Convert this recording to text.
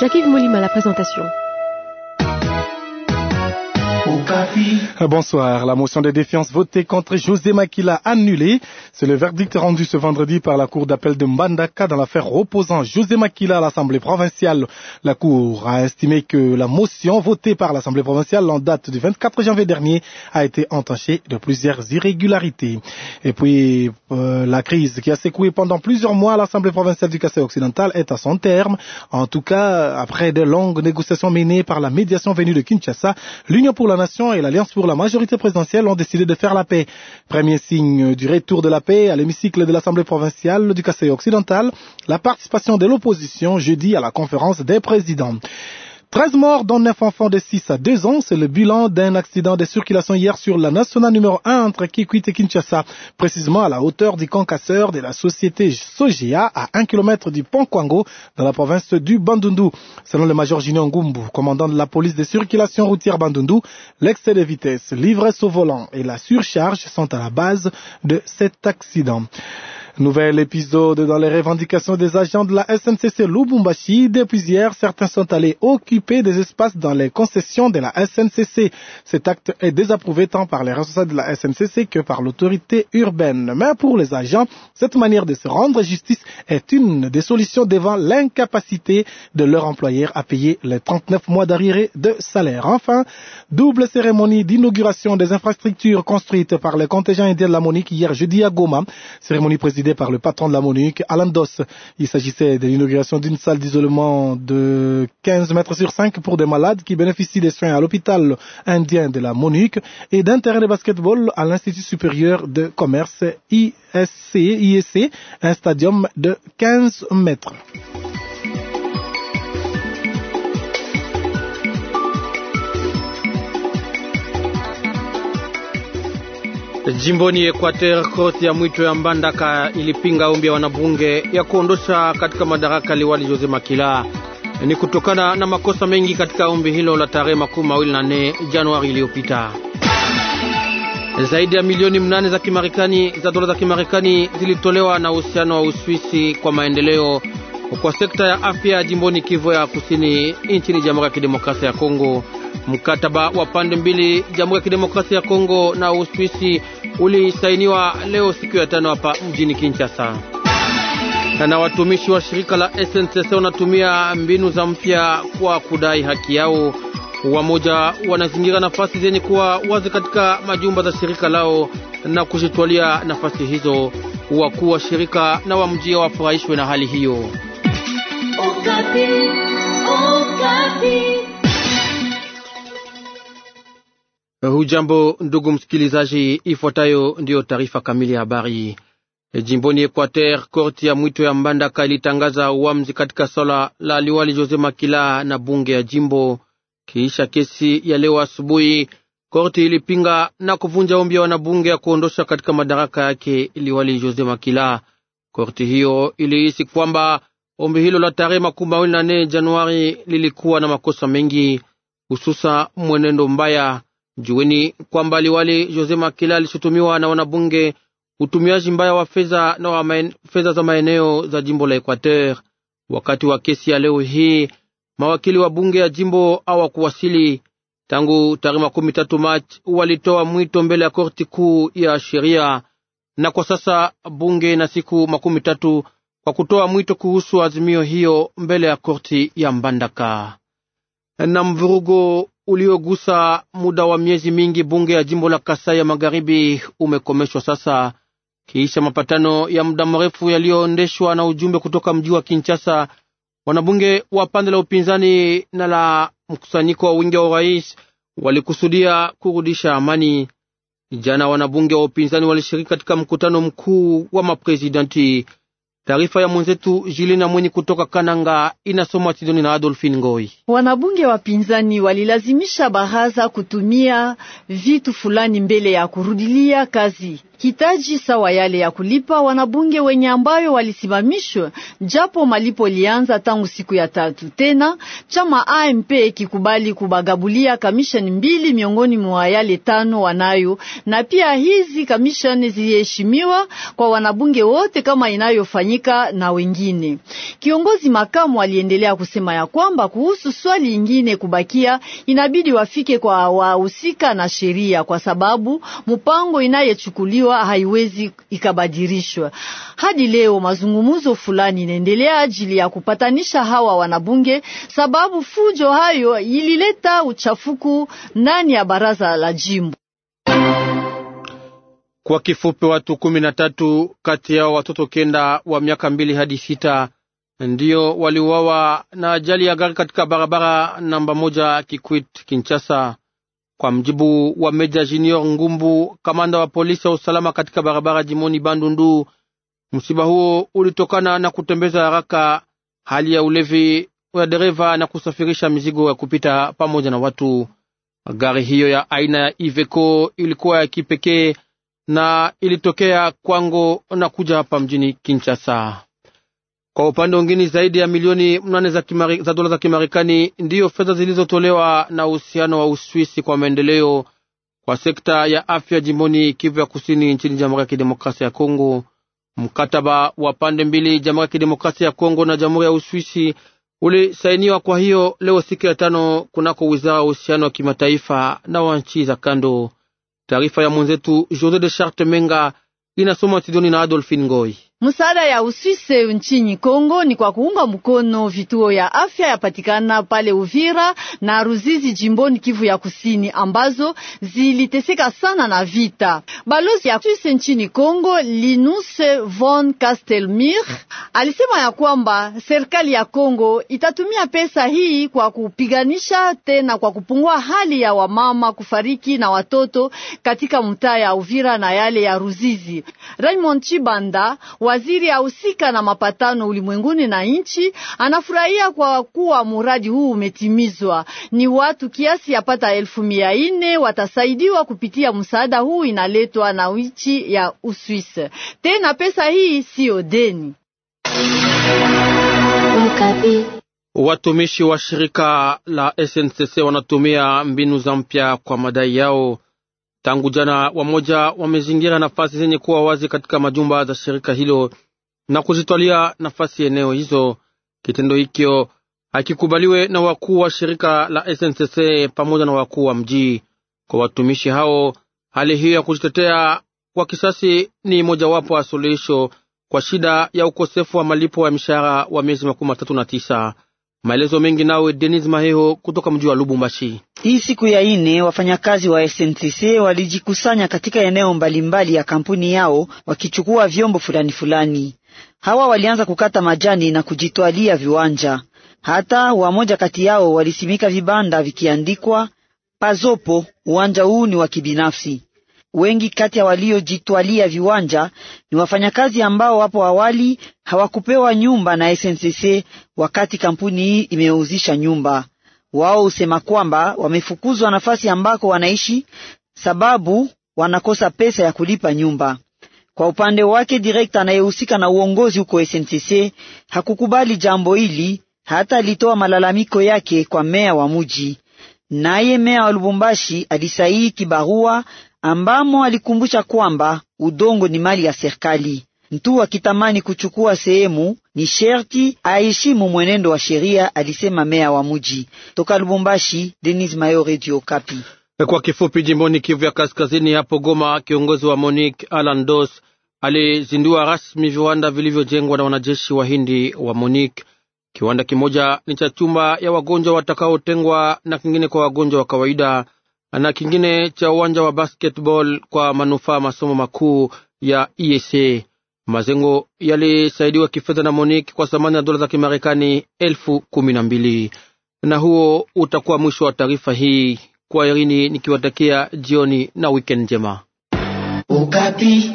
Jacques-Yves Molim à la présentation. Euh, bonsoir. La motion de défiance votée contre José Makila annulée. C'est le verdict rendu ce vendredi par la Cour d'appel de Mbandaka dans l'affaire opposant José Makila à l'Assemblée provinciale. La Cour a estimé que la motion votée par l'Assemblée provinciale en date du 24 janvier dernier a été entachée de plusieurs irrégularités. Et puis, euh, la crise qui a secoué pendant plusieurs mois l'Assemblée provinciale du Cassé occidental est à son terme. En tout cas, après de longues négociations menées par la médiation venue de Kinshasa, l'Union pour Nation et l'Alliance pour la majorité présidentielle ont décidé de faire la paix. Premier signe du retour de la paix à l'hémicycle de l'Assemblée provinciale du Kassai occidental, la participation de l'opposition jeudi à la conférence des présidents. 13 morts dont 9 enfants de 6 à 2 ans, c'est le bilan d'un accident de circulation hier sur la nationale numéro 1 entre Kikwit et Kinshasa, précisément à la hauteur du concasseur de la société Sogea à 1 km du pont Kwango dans la province du Bandundu. Selon le major Junior Ngumbu, commandant de la police de circulation routière Bandundu, l'excès de vitesse, l'ivresse au volant et la surcharge sont à la base de cet accident. Nouvel épisode dans les revendications des agents de la SNCC Lubumbashi. Depuis hier, certains sont allés occuper des espaces dans les concessions de la SNCC. Cet acte est désapprouvé tant par les responsables de la SNCC que par l'autorité urbaine. Mais pour les agents, cette manière de se rendre justice est une des solutions devant l'incapacité de leur employeur à payer les 39 mois d'arrivée de salaire. Enfin, double cérémonie d'inauguration des infrastructures construites par les contingents indiens de la Monique hier jeudi à Goma. Cérémonie présidentielle par le patron de la Monique, Alan Doss. Il s'agissait de l'inauguration d'une salle d'isolement de 15 mètres sur 5 pour des malades qui bénéficient des soins à l'hôpital indien de la Monique et d'un terrain de basketball à l'Institut supérieur de commerce ISC, ISC, un stadium de 15 mètres. Jimboni Equateur, korti ya mwito ya Mbandaka ilipinga ombi ya wanabunge ya kuondosha katika madaraka liwali Jose Makila. Ni kutokana na makosa mengi katika ombi hilo la tarehe makumi mawili na nne Januari iliyopita. Zaidi ya milioni mnane za Kimarekani za dola za Kimarekani zilitolewa na uhusiano wa Uswisi kwa maendeleo kwa sekta ya afya jimboni Kivu ya Kusini nchini Jamhuri ya Kidemokrasia ya Kongo. Mkataba wa pande mbili, Jamhuri ya Kidemokrasia ya Kongo na Uswisi ulisainiwa leo siku ya tano hapa mjini Kinshasa. Na watumishi wa shirika la SNCC wanatumia mbinu za mpya kwa kudai haki yao. Wamoja wanazingira nafasi zenye kuwa wazi katika majumba za shirika lao na kujitwalia nafasi hizo. Wakuu wa shirika na wa mji wafurahishwe na hali hiyo. Okapi, Okapi. Hujambo ndugu msikilizaji, ifuatayo ndiyo taarifa kamili ya habari. Jimboni Equateur, korti ya mwito ya Mbandaka ilitangaza uamuzi katika swala la liwali Jose Makila na bunge ya jimbo. Kiisha kesi ya leo asubuhi, korti ilipinga na kuvunja ombi ya wanabunge ya kuondosha katika madaraka yake liwali Jose Makila. Korti hiyo ilihisi kwamba ombi hilo la tarehe makumi mawili na nne Januari lilikuwa na makosa mengi, hususa mwenendo mbaya Jueni kwamba liwali Jose Makila alishutumiwa na wanabunge utumiaji mbaya wa fedha na wa fedha za maeneo za jimbo la Equateur. Wakati wa kesi ya leo hii mawakili wa bunge ya jimbo hawakuwasili. Tangu tarehe makumi tatu Machi walitoa mwito mbele ya korti kuu ya sheria, na kwa sasa bunge na siku makumi tatu kwa kutoa mwito kuhusu azimio hiyo mbele ya korti ya Mbandaka. Na mvurugo uliogusa muda wa miezi mingi bunge ya jimbo la Kasai ya Magharibi umekomeshwa sasa kisha mapatano ya muda mrefu yaliyoendeshwa na ujumbe kutoka mji wa Kinshasa. Wanabunge wa pande la upinzani na la mkusanyiko wa wingi wa urais walikusudia kurudisha amani. Jana wanabunge wa upinzani walishiriki katika mkutano mkuu wa mapresidenti Taarifa ya mwenzetu Jilina Mweni kutoka Kananga inasoma Sidoni na Adolfin Ngoi. Wanabunge wapinzani walilazimisha baraza kutumia vitu fulani mbele ya kurudilia kazi hitaji sawa yale ya kulipa wanabunge wenye ambayo walisimamishwa, japo malipo lianza tangu siku ya tatu. Tena chama AMP kikubali kubagabulia kamishani mbili miongoni mwa yale tano wanayo, na pia hizi kamishani ziheshimiwa kwa wanabunge wote kama inayofanyika kufanyika na wengine. Kiongozi makamu aliendelea kusema ya kwamba kuhusu swali ingine kubakia, inabidi wafike kwa wahusika na sheria, kwa sababu mpango inayechukuliwa haiwezi ikabadilishwa. Hadi leo mazungumzo fulani inaendelea ajili ya kupatanisha hawa wanabunge, sababu fujo hayo ilileta uchafuku ndani ya baraza la jimbo. Kwa kifupi, watu kumi na tatu kati yao watoto kenda wa miaka mbili hadi sita ndiyo waliuawa na ajali ya gari katika barabara namba moja Kikwit Kinshasa, kwa mjibu wa Meja Junior Ngumbu, kamanda wa polisi ya usalama katika barabara jimoni Bandundu. Msiba huo ulitokana na kutembeza haraka, hali ya ulevi ya dereva na kusafirisha mizigo ya kupita pamoja na watu. Gari hiyo ya aina ya Iveco ilikuwa ya kipekee na ilitokea kwangu na kuja hapa mjini Kinshasa. Kwa upande mwingine, zaidi ya milioni mnane za, za dola za Kimarekani ndiyo fedha zilizotolewa na uhusiano wa Uswisi kwa maendeleo kwa sekta ya afya jimboni Kivu ya Kusini nchini Jamhuri ya Kidemokrasia ya Kongo. Mkataba wa pande mbili, Jamhuri ya Kidemokrasia ya Kongo na Jamhuri ya Uswisi ulisainiwa kwa hiyo leo siku ya tano kunako wizara ya uhusiano wa kimataifa na wa nchi za kando. Taarifa ya mwenzetu Jose de Charte Menga inasoma studioni na Adolfin Ngoi. Msaada ya Uswise nchini Kongo ni kwa kuunga mkono vituo ya afya yapatikana pale Uvira na Ruzizi jimboni Kivu ya Kusini ambazo ziliteseka sana na vita. Balozi ya Uswise nchini Kongo Linus von Castelmir alisema ya kwamba serikali ya Kongo itatumia pesa hii kwa kupiganisha tena kwa kupungua hali ya wamama kufariki na watoto katika mtaa ya Uvira na yale ya Ruzizi. Raymond Chibanda Waziri ahusika na mapatano ulimwenguni na nchi anafurahia kwa kuwa muradi huu umetimizwa. Ni watu kiasi pata elfu mia ine watasaidiwa kupitia msaada huu inaletwa na nchi ya Uswisi. Tena pesa hii siyo deni. Watumishi wa shirika la SNCC wanatumia mbinu za mpya kwa madai yao. Tangu jana wamoja wamezingira nafasi zenye kuwa wazi katika majumba za shirika hilo na kuzitwalia nafasi eneo hizo. Kitendo hikyo hakikubaliwe na wakuu wa shirika la SNCC pamoja na wakuu wa mji. Kwa watumishi hao, hali hiyo ya kujitetea kwa kisasi ni mojawapo wa suluhisho kwa shida ya ukosefu wa malipo ya mishahara wa miezi makumi matatu na tisa. Maelezo mengi nawe Denis Maheho kutoka mji wa Lubumbashi. Hii siku ya ine wafanyakazi wa SNCC walijikusanya katika eneo mbalimbali ya kampuni yao wakichukua vyombo fulani fulani. Hawa walianza kukata majani na kujitwalia viwanja. Hata wamoja kati yao walisimika vibanda vikiandikwa Pazopo, uwanja huu ni wa kibinafsi. Wengi kati ya waliojitwalia viwanja ni wafanyakazi ambao wapo awali hawakupewa nyumba na SNCC wakati kampuni hii imeuzisha nyumba. Wao husema kwamba wamefukuzwa nafasi ambako wanaishi sababu wanakosa pesa ya kulipa nyumba. Kwa upande wake, direkta anayehusika na uongozi huko SNCC hakukubali jambo hili, hata alitoa malalamiko yake kwa meya wa muji. Naye meya wa Lubumbashi alisaini kibarua ambamo alikumbusha kwamba udongo ni mali ya serikali. Mtu akitamani kuchukua sehemu ni sherti aheshimu mwenendo wa sheria, alisema meya wa muji Toka Lubumbashi, Denis Mayo, Redio Kapi. E, kwa kifupi, jimboni Kivu ya Kaskazini, hapo Goma, kiongozi wa Monique Alan Dos alizindua rasmi viwanda vilivyojengwa na wanajeshi wa Hindi wa Monique. Kiwanda kimoja ni cha chumba ya wagonjwa watakaotengwa na kingine kwa wagonjwa wa kawaida na kingine cha uwanja wa basketball kwa manufaa masomo makuu ya ESA. Mazengo yalisaidiwa kifedha na Monique kwa thamani ya dola za Kimarekani elfu kumi na mbili. Na huo utakuwa mwisho wa taarifa hii kwa Irini, nikiwatakia jioni na weekend njema Ukapi.